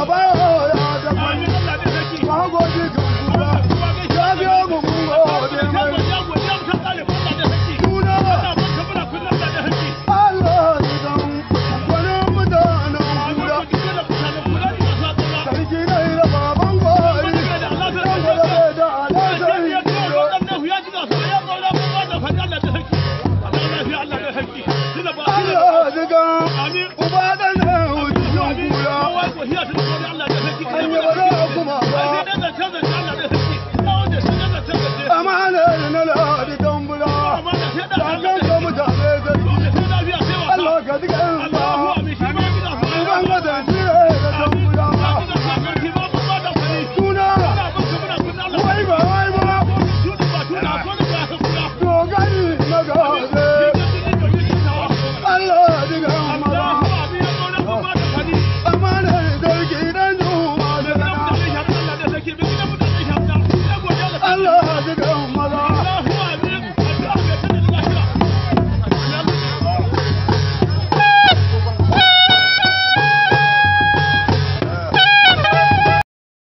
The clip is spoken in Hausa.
বাবা Amana na ladi don bula, da kan ga mutane Allah ka diga